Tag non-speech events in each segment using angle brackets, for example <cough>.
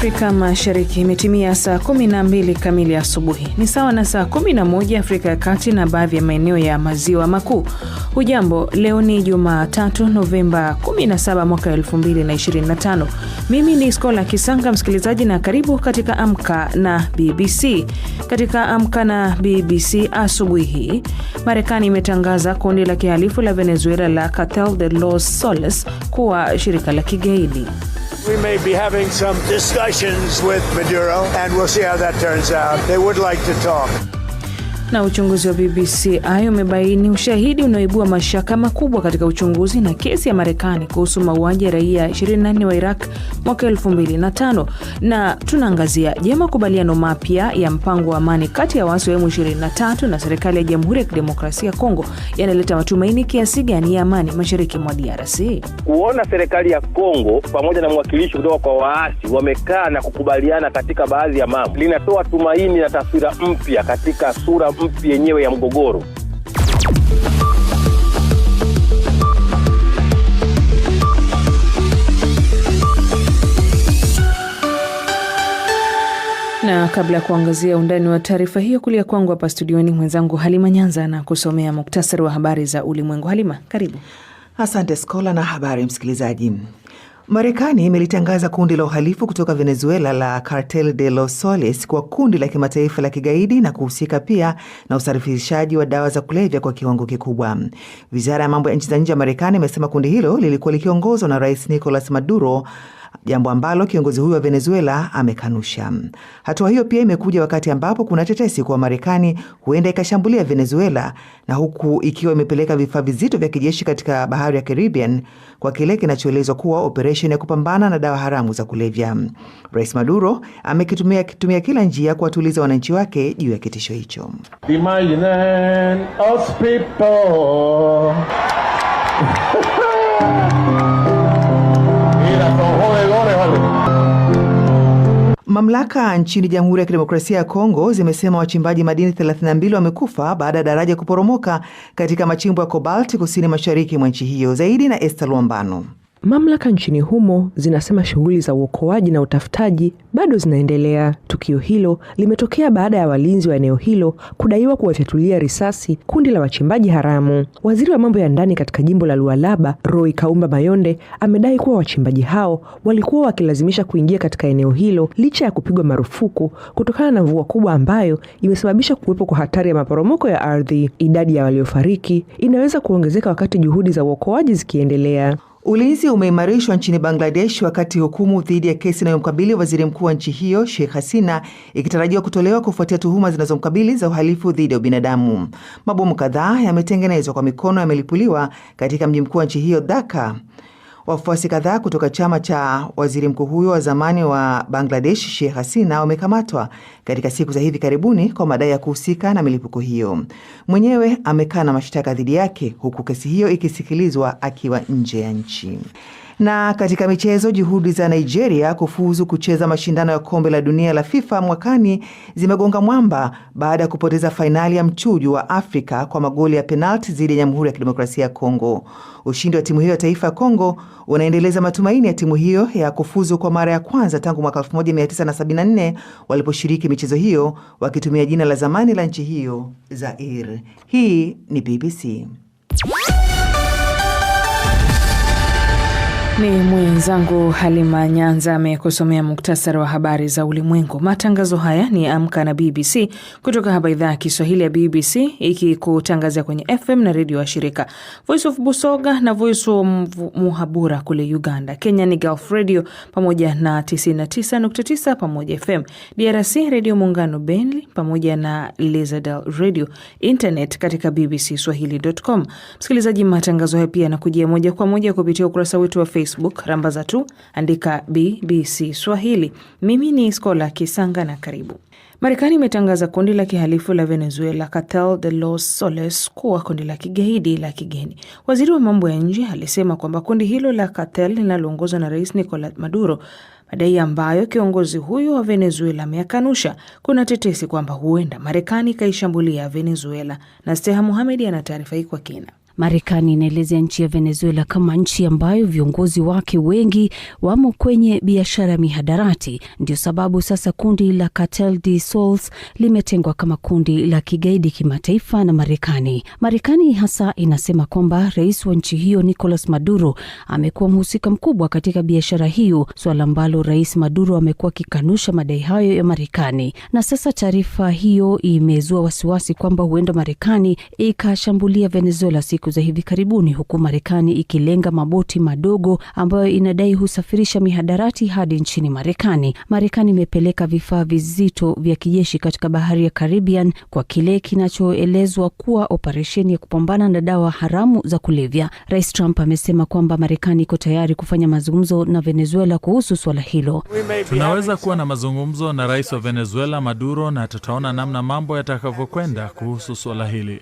Afrika Mashariki imetimia saa 12 kamili asubuhi, ni sawa na saa 11 Afrika ya Kati na baadhi ya maeneo ya maziwa makuu. Hujambo, leo ni Jumatatu Novemba 17 mwaka 2025. Mimi ni Skola Kisanga, msikilizaji, na karibu katika Amka na BBC. Katika Amka na BBC asubuhi hii, Marekani imetangaza kundi la kihalifu la Venezuela la Cartel de los Soles kuwa shirika la kigaidi. We may be having some discussions with Maduro, and we'll see how that turns out. They would like to talk. Na uchunguzi wa BBCI umebaini ushahidi unaoibua mashaka makubwa katika uchunguzi na kesi ya Marekani kuhusu mauaji ya raia 24 wa Iraq mwaka 2005 na tunaangazia, je, makubaliano mapya ya mpango wa amani kati ya waasi wa M23 na serikali ya Jamhuri ya Kidemokrasia ya Kongo yanaleta matumaini kiasi gani ya amani mashariki mwa DRC? Kuona serikali ya Kongo pamoja na mwakilishi kutoka kwa waasi wamekaa na kukubaliana katika baadhi ya mambo linatoa tumaini na taswira mpya katika sura mpya yenyewe ya mgogoro. Na kabla ya kuangazia undani wa taarifa hiyo, kulia kwangu hapa studioni mwenzangu Halima Nyanza na kusomea muktasari wa habari za ulimwengu. Halima, karibu. Asante Skola na habari msikilizaji. Marekani imelitangaza kundi la uhalifu kutoka Venezuela la Cartel de los Soles kwa kundi la kimataifa la kigaidi na kuhusika pia na usafirishaji wa dawa za kulevya kwa kiwango kikubwa. Wizara ya mambo ya nchi za nje ya Marekani imesema kundi hilo lilikuwa likiongozwa na Rais Nicolas Maduro jambo ambalo kiongozi huyo wa Venezuela amekanusha. Hatua hiyo pia imekuja wakati ambapo kuna tetesi kuwa Marekani huenda ikashambulia Venezuela, na huku ikiwa imepeleka vifaa vizito vya kijeshi katika bahari ya Caribbean kwa kile kinachoelezwa kuwa operesheni ya kupambana na dawa haramu za kulevya. Rais Maduro amekitumia kitumia kila njia kuwatuliza wananchi wake juu ya kitisho hicho. <laughs> Mamlaka nchini Jamhuri ya Kidemokrasia ya Kongo zimesema wachimbaji madini 32 wamekufa baada ya daraja kuporomoka katika machimbo ya kobalti kusini mashariki mwa nchi hiyo. Zaidi na Esther Luambano. Mamlaka nchini humo zinasema shughuli za uokoaji na utafutaji bado zinaendelea. Tukio hilo limetokea baada ya walinzi wa eneo hilo kudaiwa kuwafyatulia risasi kundi la wachimbaji haramu. Waziri wa mambo ya ndani katika jimbo la Lualaba, roi Kaumba Mayonde, amedai kuwa wachimbaji hao walikuwa wakilazimisha kuingia katika eneo hilo licha ya kupigwa marufuku kutokana na mvua kubwa ambayo imesababisha kuwepo kwa hatari ya maporomoko ya ardhi. Idadi ya waliofariki inaweza kuongezeka wakati juhudi za uokoaji zikiendelea. Ulinzi umeimarishwa nchini Bangladesh wakati hukumu dhidi ya kesi inayomkabili waziri mkuu wa nchi hiyo Sheikh Hasina ikitarajiwa kutolewa kufuatia tuhuma zinazomkabili za uhalifu dhidi ya ubinadamu. Mabomu kadhaa yametengenezwa kwa mikono yamelipuliwa katika mji mkuu wa nchi hiyo Dhaka. Wafuasi kadhaa kutoka chama cha waziri mkuu huyo wa zamani wa Bangladesh Sheikh Hasina wamekamatwa katika siku za hivi karibuni kwa madai ya kuhusika na milipuko hiyo. Mwenyewe amekaa na mashtaka dhidi yake huku kesi hiyo ikisikilizwa akiwa nje ya nchi. Na katika michezo, juhudi za Nigeria kufuzu kucheza mashindano ya kombe la dunia la FIFA mwakani zimegonga mwamba baada ya kupoteza fainali ya mchuju wa Afrika kwa magoli ya penalti dhidi ya Jamhuri ya Kidemokrasia ya Kongo. Ushindi wa timu hiyo ya taifa ya Kongo unaendeleza matumaini ya timu hiyo ya kufuzu kwa mara ya kwanza tangu mwaka 1974 waliposhiriki michezo hiyo wakitumia jina la zamani la nchi hiyo Zaire. Hii ni BBC. Ni mwenzangu Halima Nyanza amekusomea muktasari wa habari za ulimwengu. Matangazo haya ni Amka na BBC kutoka hapa idhaa ya Kiswahili ya BBC ikikutangazia kwenye FM na redio wa shirika Voice of Busoga na Voice of Muhabura kule Uganda. Kenya ni Gulf Radio pamoja na 99.9 pamoja FM. DRC Redio Muungano Beni pamoja na Lizadel Radio internet katika BBC Swahili.com. Msikilizaji, matangazo haya pia yanakujia moja kwa moja kupitia ukurasa wetu wa Facebook Facebook, rambaza tu andika BBC Swahili. Mimi ni Skola Kisanga na karibu. Marekani imetangaza kundi la kihalifu la Venezuela Cartel de los Soles kuwa kundi la kigaidi la kigeni. Waziri wa mambo ya nje alisema kwamba kundi hilo la Cartel linaloongozwa na Rais Nicolas Maduro, madai ambayo kiongozi huyo wa Venezuela ameyakanusha. Kuna tetesi kwamba huenda Marekani ikaishambulia Venezuela, na Steha Muhamedi ana taarifa hii kwa kina. Marekani inaelezea nchi ya Venezuela kama nchi ambayo viongozi wake wengi wamo kwenye biashara ya mihadarati. Ndio sababu sasa kundi la Cartel de Soles limetengwa kama kundi la kigaidi kimataifa na Marekani. Marekani hasa inasema kwamba rais wa nchi hiyo Nicolas Maduro amekuwa mhusika mkubwa katika biashara hiyo, suala ambalo rais Maduro amekuwa akikanusha madai hayo ya Marekani. Na sasa taarifa hiyo imezua wasiwasi kwamba huenda Marekani ikashambulia Venezuela siku siku za hivi karibuni, huku Marekani ikilenga maboti madogo ambayo inadai husafirisha mihadarati hadi nchini Marekani. Marekani imepeleka vifaa vizito vya kijeshi katika bahari ya Caribbean kwa kile kinachoelezwa kuwa operesheni ya kupambana na dawa haramu za kulevya. Rais Trump amesema kwamba Marekani iko tayari kufanya mazungumzo na Venezuela kuhusu swala hilo. Tunaweza kuwa na mazungumzo na rais wa Venezuela Maduro, na tutaona namna mambo yatakavyokwenda kuhusu swala hili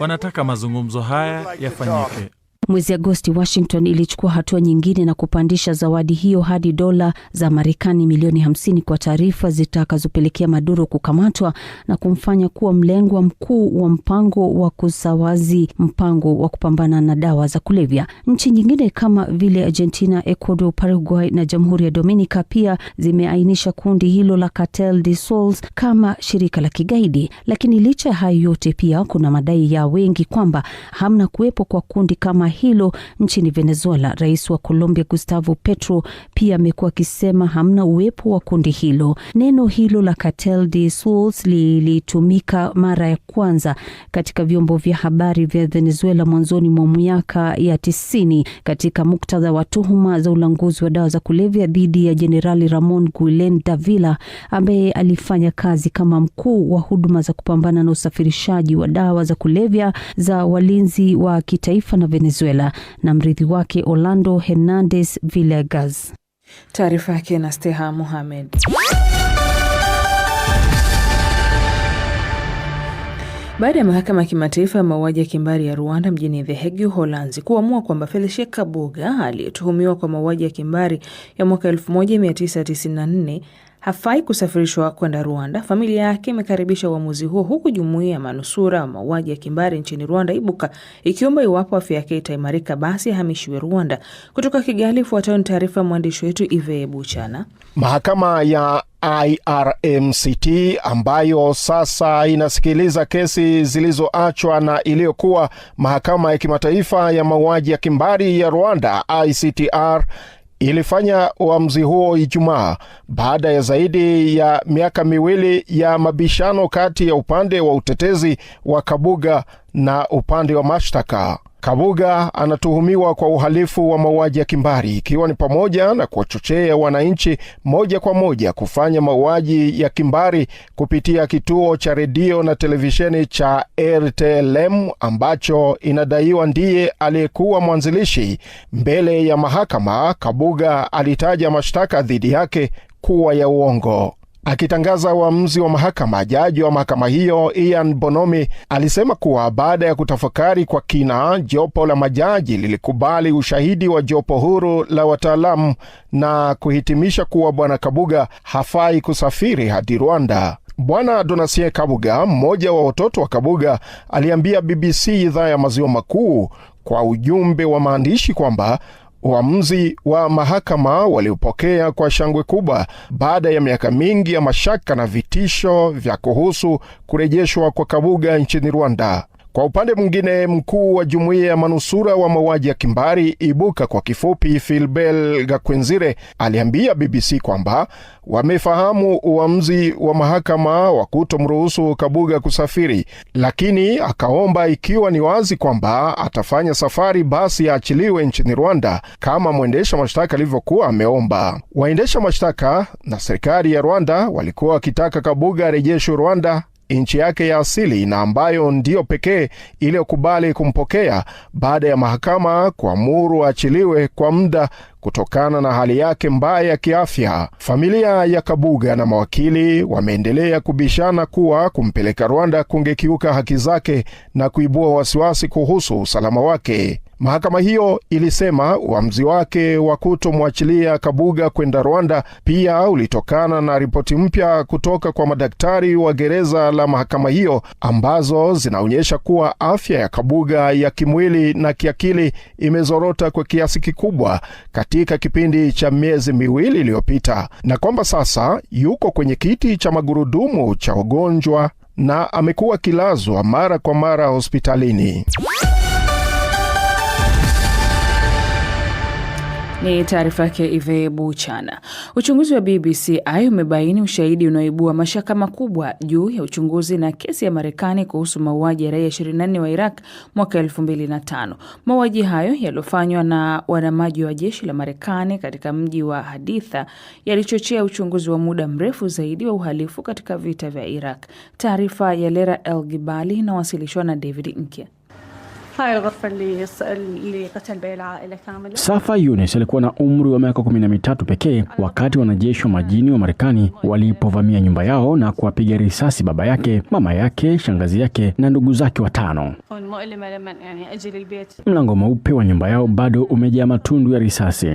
wanataka mazungumzo haya yafanyike. Mwezi Agosti, Washington ilichukua hatua nyingine na kupandisha zawadi hiyo hadi dola za Marekani milioni 50 kwa taarifa zitakazopelekea Maduro kukamatwa na kumfanya kuwa mlengwa mkuu wa mpango wa kusawazi mpango wa kupambana na dawa za kulevya. Nchi nyingine kama vile Argentina, Ecuador, Paraguay na Jamhuri ya Dominica pia zimeainisha kundi hilo la Cartel de Sols kama shirika la kigaidi. Lakini licha ya hayo yote, pia kuna madai ya wengi kwamba hamna kuwepo kwa kundi kama hilo nchini Venezuela. Rais wa Colombia Gustavo Petro pia amekuwa akisema hamna uwepo wa kundi hilo. Neno hilo la Cartel de Sols lilitumika mara ya kwanza katika vyombo vya habari vya Venezuela mwanzoni mwa miaka ya tisini katika muktadha wa tuhuma za ulanguzi wa dawa za kulevya dhidi ya Jenerali Ramon Guilen Davila ambaye alifanya kazi kama mkuu wa huduma za kupambana na usafirishaji wa dawa za kulevya za walinzi wa kitaifa na Venezuela. Venezuela na mrithi wake Orlando Hernandez Villegas. Taarifa yake na Steha Mohamed. Baada ya mahakama ya kimataifa ya mauaji ya kimbari ya Rwanda mjini The Hague, Uholanzi, kuamua kwamba Felicia Kabuga aliyetuhumiwa kwa mauaji ya kimbari ya mwaka 1994 hafai kusafirishwa kwenda Rwanda. Familia yake imekaribisha uamuzi huo, huku jumuiya ya manusura wa mauaji ya kimbari nchini Rwanda Ibuka ikiomba iwapo afya yake itaimarika, basi ahamishiwe Rwanda. Kutoka Kigali, ifuatayo ni taarifa ya mwandishi wetu Ive Buchana. Mahakama ya IRMCT ambayo sasa inasikiliza kesi zilizoachwa na iliyokuwa mahakama ya kimataifa ya mauaji ya kimbari ya Rwanda ICTR ilifanya uamuzi huo Ijumaa baada ya zaidi ya miaka miwili ya mabishano kati ya upande wa utetezi wa Kabuga na upande wa mashtaka. Kabuga anatuhumiwa kwa uhalifu wa mauaji ya kimbari ikiwa ni pamoja na kuwachochea wananchi moja kwa moja kufanya mauaji ya kimbari kupitia kituo cha redio na televisheni cha RTLM ambacho inadaiwa ndiye aliyekuwa mwanzilishi. Mbele ya mahakama, Kabuga alitaja mashtaka dhidi yake kuwa ya uongo. Akitangaza uamuzi wa mahakama, jaji wa mahakama hiyo Ian Bonomi alisema kuwa baada ya kutafakari kwa kina, jopo la majaji lilikubali ushahidi wa jopo huru la wataalamu na kuhitimisha kuwa Bwana Kabuga hafai kusafiri hadi Rwanda. Bwana donasie Kabuga, mmoja wa watoto wa Kabuga, aliambia BBC idhaa ya maziwa makuu kwa ujumbe wa maandishi kwamba Uamuzi wa mahakama waliopokea kwa shangwe kubwa baada ya miaka mingi ya mashaka na vitisho vya kuhusu kurejeshwa kwa Kabuga nchini Rwanda. Kwa upande mwingine, mkuu wa jumuiya ya manusura wa mauaji ya kimbari ibuka kwa kifupi, Filbel Gakwenzire aliambia BBC kwamba wamefahamu uamuzi wa mahakama wa kutomruhusu Kabuga kusafiri, lakini akaomba ikiwa ni wazi kwamba atafanya safari basi aachiliwe nchini Rwanda kama mwendesha mashtaka alivyokuwa ameomba. Waendesha mashtaka na serikali ya Rwanda walikuwa wakitaka Kabuga arejeshwe Rwanda nchi yake ya asili na ambayo ndiyo pekee iliyokubali kumpokea baada ya mahakama kuamuru aachiliwe kwa muda kutokana na hali yake mbaya ya kiafya. Familia ya Kabuga na mawakili wameendelea kubishana kuwa kumpeleka Rwanda kungekiuka haki zake na kuibua wasiwasi kuhusu usalama wake. Mahakama hiyo ilisema uamuzi wake wa kutomwachilia Kabuga kwenda Rwanda pia ulitokana na ripoti mpya kutoka kwa madaktari wa gereza la mahakama hiyo ambazo zinaonyesha kuwa afya ya Kabuga ya kimwili na kiakili imezorota kwa kiasi kikubwa katika kipindi cha miezi miwili iliyopita, na kwamba sasa yuko kwenye kiti cha magurudumu cha ugonjwa na amekuwa kilazwa mara kwa mara hospitalini. Ni taarifa yake Ive Buchana. Uchunguzi wa BBCI umebaini ushahidi unaoibua mashaka makubwa juu ya uchunguzi na kesi ya Marekani kuhusu mauaji ya raia 24 wa Iraq mwaka 2005. Mauaji hayo yaliyofanywa na wanamaji wa jeshi la Marekani katika mji wa Haditha yalichochea uchunguzi wa muda mrefu zaidi wa uhalifu katika vita vya Iraq. Taarifa ya Lera El Gibali inawasilishwa na David Nkya. هاي الغرفة اللي اللي قتل بها العائلة Safa Yunus alikuwa na umri wa miaka 13 pekee wakati wanajeshi wa majini wa Marekani walipovamia nyumba yao na kuwapiga risasi baba yake, mama yake, shangazi yake na ndugu zake watano. Mlango mweupe wa nyumba yao bado umejaa matundu ya risasi.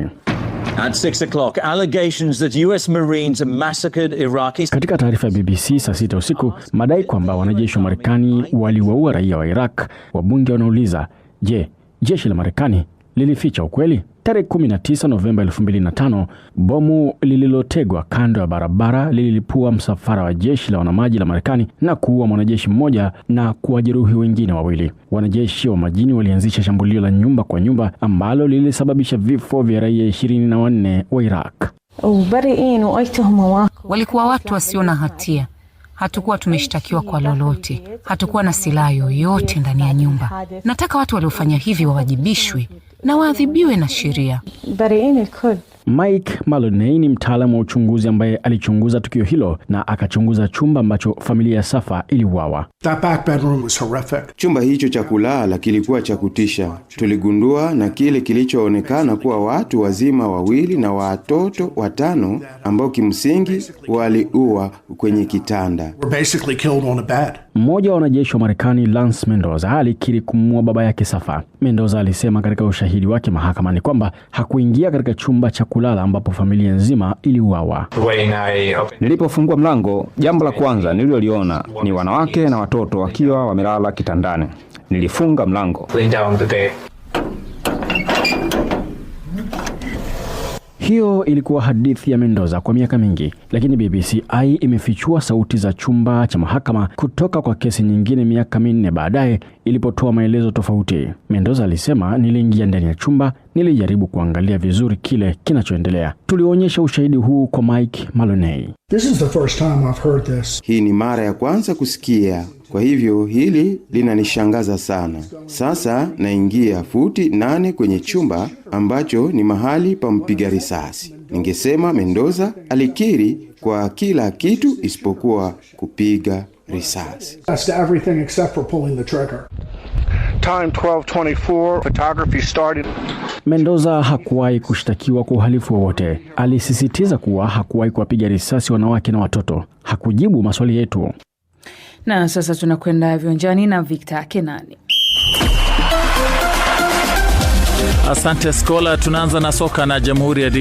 At 6 o'clock, allegations that US Marines massacred Iraqis. Katika taarifa ya BBC saa sita usiku, madai kwamba wanajeshi wa Marekani waliwaua raia wa Iraq. Wabunge wanauliza, je, jeshi la Marekani lilificha ukweli. Tarehe 19 Novemba 2005, bomu lililotegwa kando ya barabara lililipua msafara wa jeshi la wanamaji la Marekani na kuua mwanajeshi mmoja na kuwajeruhi wengine wawili. Wanajeshi wa majini walianzisha shambulio la nyumba kwa nyumba ambalo lilisababisha vifo vya raia 24 wa Iraq. Oh, Walikuwa watu wasio na hatia hatukuwa tumeshtakiwa kwa lolote, hatukuwa na silaha yoyote ndani ya nyumba. Nataka watu waliofanya hivi wawajibishwe na waadhibiwe na sheria. Mike Maloney ni mtaalamu wa uchunguzi ambaye alichunguza tukio hilo na akachunguza chumba ambacho familia ya Safa iliuawa. Chumba hicho cha kulala kilikuwa cha kutisha. Tuligundua na kile kilichoonekana kuwa watu wazima wawili na watoto watano ambao kimsingi waliua kwenye kitanda. Mmoja wa wanajeshi wa Marekani, Lance Mendoza, alikiri kumuua baba yake Safa. Mendoza alisema katika ushahidi wake mahakamani kwamba hakuingia katika chumba cha kulala ambapo familia nzima iliuawa. Nilipofungua mlango, jambo la kwanza nililoliona ni wanawake na watoto wakiwa wamelala kitandani. Nilifunga mlango. Hiyo ilikuwa hadithi ya Mendoza kwa miaka mingi, lakini BBCI imefichua sauti za chumba cha mahakama kutoka kwa kesi nyingine miaka minne baadaye ilipotoa maelezo tofauti. Mendoza alisema, niliingia ndani ya chumba, nilijaribu kuangalia vizuri kile kinachoendelea. Tulionyesha ushahidi huu kwa Mike Maloney. This is the first time I've heard this. Hii ni mara ya kwanza kusikia kwa hivyo hili linanishangaza sana. Sasa naingia futi nane kwenye chumba ambacho ni mahali pa mpiga risasi. Ningesema Mendoza alikiri kwa kila kitu isipokuwa kupiga risasi. Time 1224, photography started. Mendoza hakuwahi kushtakiwa kwa uhalifu wowote. Alisisitiza kuwa hakuwahi kuwapiga risasi wanawake na watoto. Hakujibu maswali yetu. Na sasa tunakwenda viwanjani na Victor Kenani. Asante Skola. Tunaanza na soka na Jamhuri ya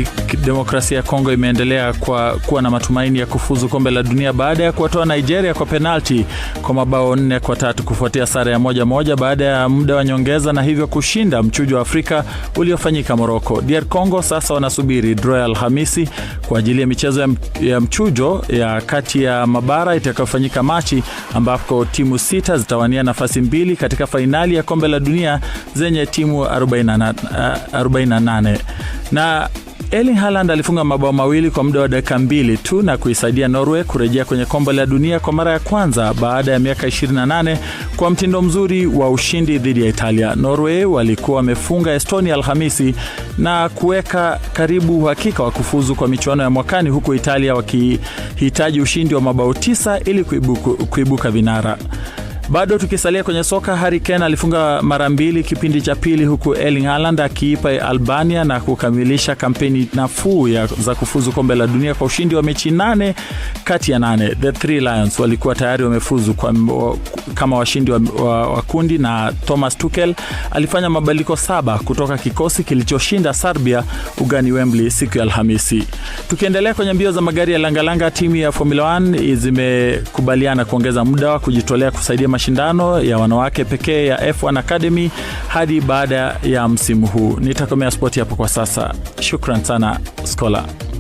Demokrasia ya Kongo imeendelea kwa kuwa na matumaini ya kufuzu kombe la dunia baada ya kuwatoa Nigeria kwa penalti kwa mabao nne kwa tatu kufuatia sare ya moja moja baada ya muda wa nyongeza na hivyo kushinda mchujo wa Afrika uliofanyika Moroko. DR Congo sasa wanasubiri draw ya Alhamisi kwa ajili ya michezo ya mchujo ya kati ya mabara itakayofanyika Machi, ambapo timu sita zitawania nafasi mbili katika fainali ya kombe la dunia zenye timu 48. 48 na Erling Haaland alifunga mabao mawili kwa muda wa dakika mbili tu na kuisaidia Norway kurejea kwenye kombe la dunia kwa mara ya kwanza baada ya miaka 28 kwa mtindo mzuri wa ushindi dhidi ya Italia. Norway walikuwa wamefunga Estonia Alhamisi na kuweka karibu uhakika wa kufuzu kwa michuano ya mwakani, huku Italia wakihitaji ushindi wa mabao tisa ili kuibuka, kuibuka vinara. Bado tukisalia kwenye soka, Harry Kane alifunga mara mbili kipindi cha pili, huku Erling haland akiipa Albania na kukamilisha kampeni nafuu za kufuzu kombe la dunia kwa ushindi wa mechi nane kati ya nane. The Three Lions walikuwa tayari wamefuzu kwa, kama washindi wa, wa, wa kundi, na Thomas tukel alifanya mabadiliko saba kutoka kikosi kilichoshinda Serbia ugani Wembley siku ya Alhamisi. Tukiendelea kwenye mbio za magari ya langalanga, timu ya Formula 1 zimekubaliana kuongeza muda wa kujitolea kusaidia mashindano ya wanawake pekee ya F1 Academy hadi baada ya msimu huu. Nitakomea spoti hapo kwa sasa. Shukran sana Scholar.